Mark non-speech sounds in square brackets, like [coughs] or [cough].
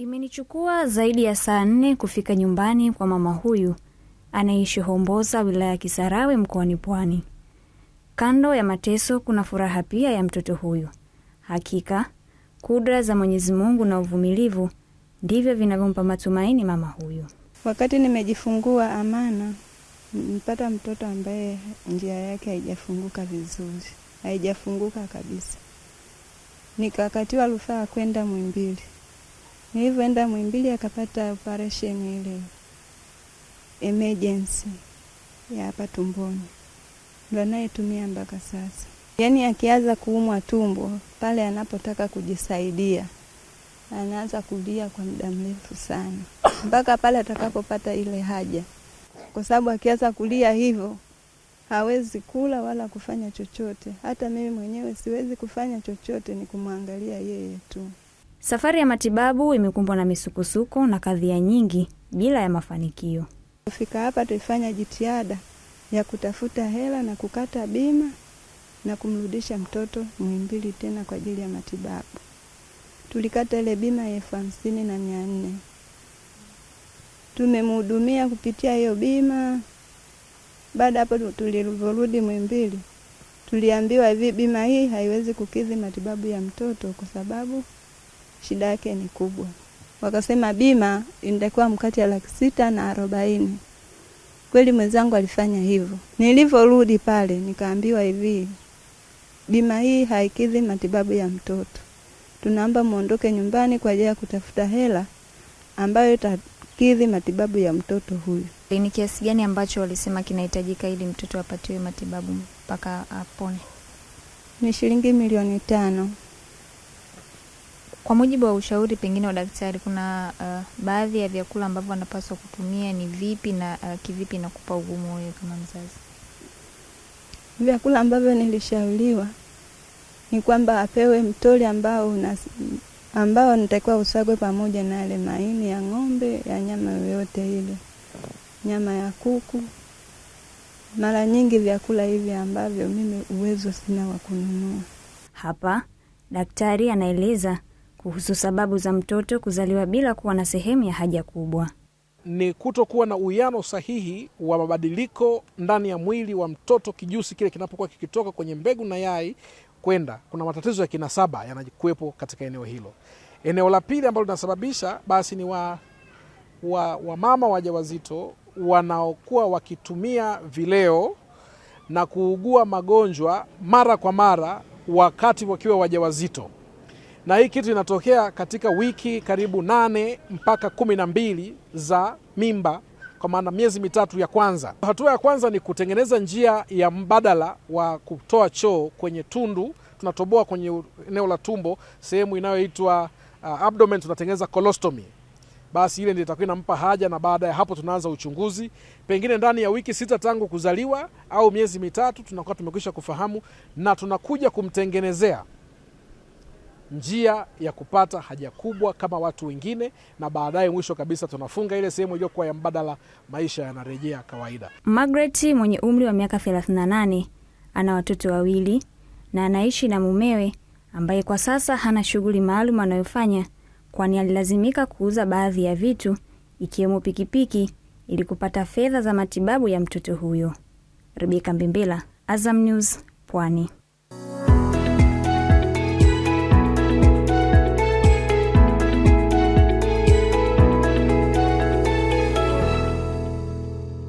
Imenichukua zaidi ya saa nne kufika nyumbani kwa mama huyu anaishi Homboza, wilaya ya Kisarawe, mkoani Pwani. Kando ya mateso kuna furaha pia ya mtoto huyu. Hakika kudra za Mwenyezi Mungu na uvumilivu ndivyo vinavyompa matumaini mama huyu. Wakati nimejifungua Amana, mpata mtoto ambaye njia yake haijafunguka vizuri, haijafunguka kabisa, nikakatiwa rufaa kwenda Mwimbili Nilivyoenda Mwimbili akapata operation ile emergency ya hapa tumboni, ndo anayetumia mpaka sasa. Yaani akianza kuumwa tumbo pale anapotaka kujisaidia anaanza kulia kwa muda mrefu sana, [coughs] mpaka pale atakapopata ile haja, kwa sababu akianza kulia hivyo hawezi kula wala kufanya chochote. Hata mimi mwenyewe siwezi kufanya chochote, ni kumwangalia yeye tu. Safari ya matibabu imekumbwa na misukosuko na kadhia nyingi bila ya mafanikio. Kufika hapa, tulifanya jitihada ya kutafuta hela na kukata bima na kumrudisha mtoto Muhimbili tena kwa ajili ya matibabu. Tulikata ile bima ya elfu hamsini na mia nne tumemhudumia kupitia hiyo bima. Baada hapo, tulivyorudi Muhimbili, tuliambiwa hivi, bima hii haiwezi kukidhi matibabu ya mtoto kwa sababu shida yake ni kubwa. Wakasema bima inatakiwa mkati ya laki sita na arobaini. Kweli mwenzangu alifanya hivyo. Nilivyorudi pale nikaambiwa hivi, bima hii haikidhi matibabu ya mtoto, tunaomba muondoke nyumbani kwa ajili ya kutafuta hela ambayo itakidhi matibabu ya mtoto huyu. Ni kiasi gani ambacho walisema kinahitajika ili mtoto apatiwe matibabu mpaka apone? Ni shilingi milioni tano. Kwa mujibu wa ushauri pengine wa daktari, kuna uh, baadhi ya vyakula ambavyo anapaswa kutumia ni vipi na uh, kivipi inakupa ugumu wewe kama mzazi? Vyakula ambavyo nilishauriwa ni kwamba apewe mtori ambao una, ambao nitakiwa usagwe pamoja na yale maini ya ng'ombe, ya nyama yoyote ile, nyama ya kuku. Mara nyingi vyakula hivi ambavyo mimi uwezo sina wa kununua. Hapa daktari anaeleza kuhusu sababu za mtoto kuzaliwa bila kuwa na sehemu ya haja kubwa. Ni kutokuwa na uwiano sahihi wa mabadiliko ndani ya mwili wa mtoto, kijusi kile kinapokuwa kikitoka kwenye mbegu na yai kwenda. Kuna matatizo ya kinasaba yanakuwepo katika eneo hilo. Eneo la pili ambalo linasababisha basi ni wa, wa, wa wajawazito wanaokuwa wakitumia vileo na kuugua magonjwa mara kwa mara wakati wakiwa wajawazito na hii kitu inatokea katika wiki karibu nane mpaka kumi na mbili za mimba, kwa maana miezi mitatu ya kwanza. Hatua ya kwanza ni kutengeneza njia ya mbadala wa kutoa choo kwenye tundu, tunatoboa kwenye eneo la tumbo, sehemu inayoitwa uh, abdomen, tunatengeneza colostomy. Basi ile ndio itakuwa inampa haja, na baada ya hapo tunaanza uchunguzi, pengine ndani ya wiki sita tangu kuzaliwa au miezi mitatu, tunakuwa tumekwisha kufahamu na tunakuja kumtengenezea njia ya kupata haja kubwa kama watu wengine, na baadaye mwisho kabisa tunafunga ile sehemu iliyokuwa ya mbadala, maisha yanarejea kawaida. Margaret mwenye umri wa miaka 38 ana watoto wawili na anaishi na mumewe ambaye kwa sasa hana shughuli maalum anayofanya, kwani alilazimika kuuza baadhi ya vitu ikiwemo pikipiki ili kupata fedha za matibabu ya mtoto huyo. Rebeka Mbembela, Azam News, Pwani.